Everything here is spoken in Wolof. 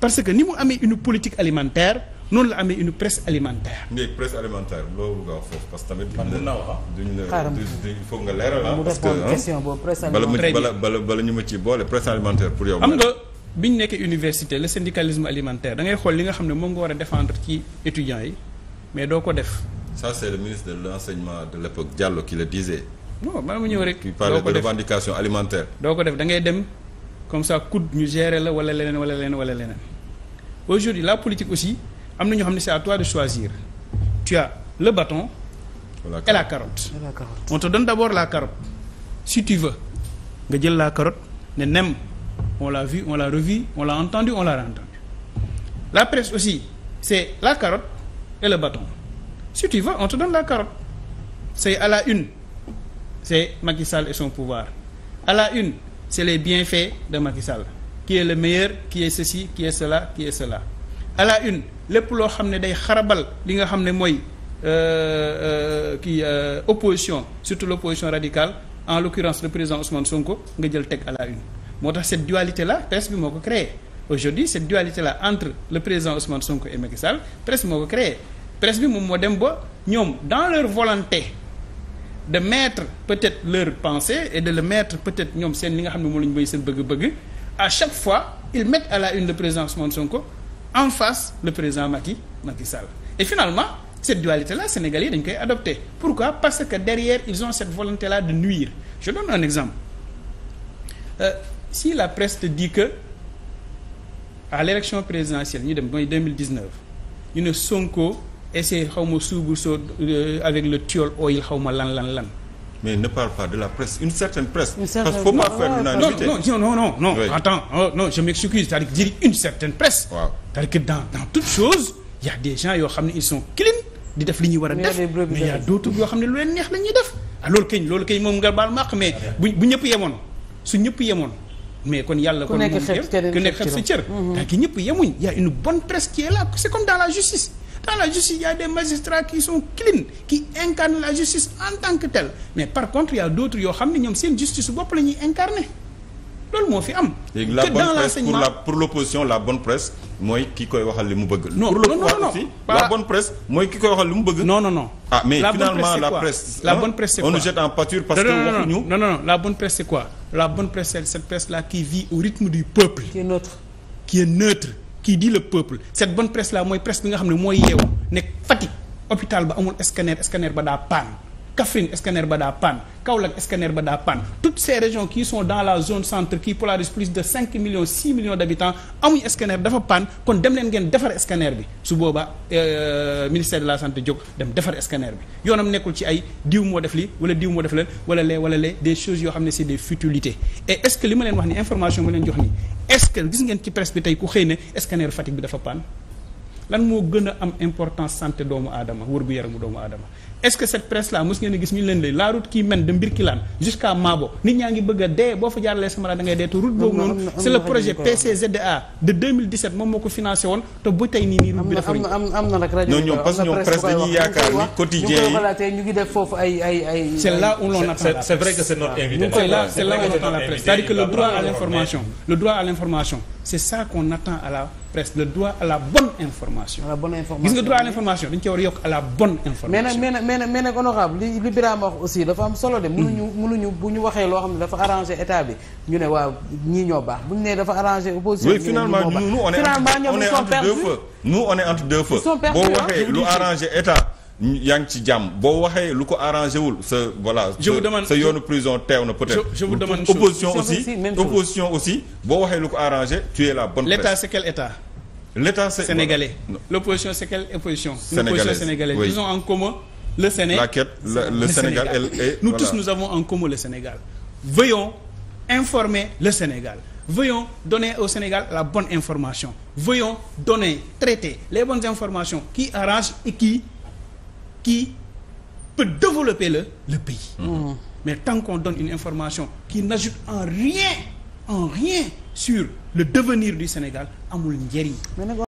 parce que ni mu amee une politique alimentaire noonu la amee une presse alimentaire. mais presse alimentaire loolu nga wax foofu parce que tamit. duñ la ah. duñ la duñ foog nga leeral ah. parce que ah. bala bala bala ñu ma ciy boole presse alimentaire pour yow. nekkee université le syndicalisme alimentaire da ngay xool li nga xam ne moom nga war a défendre ci étudiants yi mais doo ko def. ça c'est le ministre de l'enseignement de l'époque Diallo qui le disait. non maa mu ñëw rek. doo def parle de revendication alimentaire. doo ko de da ngay dem comme ça coûte ñu gérer la wala leneen wala leneen wala leneen. aujourd'hui la politique aussi am na ñoo xam ne c'est à toi de choisir tu as le bâton la et la carotte on te donne la carotte su tu veux nga jël la carotte ne nem on l'a vu on l'a revu on l'a entendu on l'a entendu la presse aussi c'est la carotte et le bâton si tu veux on te la carotte c'est à la une c'est Macky Sall et son pouvoir à la une c'est bien bienfaits de Macky Sall qui est le meilleur qui est ceci qui est cela qui est une lépp loo xam ne day xarabal li nga xam ne mooy euh, euh, kii euh, opposition surtout l'opposition radicale en l'occurrence le président Ousmane Sonko nga jël teg à la une moo tax cette dualité la presse bi moo ko créé aujourd'hui cette dualité là entre le président Ousmane Sonko et Macky Sall presse bi moo bi moom moo dem ba ñoom dans leur volonté de mettre peut-être leur pensée et de le mettre peut-être ñoom seen li nga xam ne moom la ñu mooy bëgg-bëgg à chaque fois ils mettent à la une le président Ousmane Sonko en face le président Macky Macky Sall et finalement cette dualité là sénégal yi dañ koy adopté pourquoi parce que derrière ils ont cette volonté là de nuire je donne un exemple euh, si la presse te dit que à l'élection présidentielle ñu dem mooy 2019 ñu ne Sonko essaie xaw ma suubu soo euh, avec le tiol oil oh, xaw ma lan lan lan mais ne parle pas de la presse une certaine presse. Une certaine... parce qu'il faut que dans toute chose il y a des gens yoo xam ne ils sont clean di def li ñuy war a def mais il y a d'autres yoo xam ne lu leen neex la def. ah loolu kañ loolu kañ moom nga baal màq mais ah, bu ñëpp yemoon su ñëpp yemoon mais kon yàlla. kon nekk xeeb sa cër ku mm-hmm. ñëpp yemuñ y a une bonne presse qui est là dans la justice. dans la justice il y des magistrats qui sont clean qui incarnent la justice en tant que telle mais par contre il d'autres yoo xam ne ñoom seen justice bopp la ñuy incarner loolu moo fi am. léegi la bonne presse pour la pour l'opposition la bonne presse mooy ki koy waxal li mu bëgg. non non non la bonne presse mooy ki koy waxal li mu bëgg. non non non ah mais finalement la presse la bonne presse c'est quoi on nous jette en pâture parce que waxuñu. non non la bonne presse c'est quoi la bonne presse cette presse qui dit le peuple cette bonne presse là mooy presse bi nga xam ne mooy yeewu nekk Fatick hôpital ba amul scanner scanner ba daa paan Kaffrine scanner ba daa panne Kaolack scanner ba daa panne toutes ces régions qui sont dans la zone centre qui polarise plus de cinq millions six millions d'habitants amuñ scanner dafa panne kon dem leen ngeen defar scanner bi su booba euh, ministère de la santé jóg dem defar scanner bi yoonam nekkul ci ay diw moo def li wala diw moo def leen wala lee wala lee des choses yoo xam ne c'est des futilités et est-ce li ma leen wax ni information ma leen jox ni est-ce que gis ngeen ci presse bi dafa panne lan moo gën a am importance santé doomu aadama wërgu yaramu doomu aadama est-ce que cette presse là mos ngeen a gis ñu leen lay la route qui mène de Mbirkilaan jusqu'à Maabo nit ñaa ngi bëgg a dee boo fa jaaralee Samara da ngay dee te route boobu noonu c'est le projet PCZDA de moom moo ko financé woon te bu tey nii nii route bi dafa am na ñoom parce ñoom presse dañuy yaakaar ni quotidien yi c'est là où l'on attend c'est c'est notre invité c'est là c'est la presse cest c'est ça qu'on attend à la presse le droit à la bonne information. à la bonne information gis nga droit à l'information dañ ci war a yokk à la bonne information. mais nag mais nag li li Birame wax aussi dafa am solo de. Hmm. mënuñu mënuñu bu ñu waxee loo xam ne dafa arrangé état bi ñu ne waaw ñii ñoo baax bu ñu nee dafa arrangé opposition. oui finalement nous on est. finalement ñoom ils sont perdus nous on est entre deux feux. ils sont lu arrangé état. yaa ngi ci jàmm boo waxee lu ko arrangé wul sa voilà. je vous demande sa yoonu prison teew na peut-être. je vous demande opposition aussi opposition aussi boo waxee lu ko arrangé tu es la bonne. l'état c'est quel état. l'état c'est sénégalais. l'opposition c'est quelle opposition. sénégalaise sénégalaise ils ont en commun le Séné. la quête le Sénégal et nous tous nous avons en commun le Sénégal. veillons informer le Sénégal. Veuillons donner au Sénégal la bonne information. Veuillons donner, traité les bonnes informations qui arrangent qui peut développer le, le pays. Mmh. Mais tant qu'on donne une information qui n'ajoute en rien, en rien sur le devenir du Sénégal, amul njëriñ.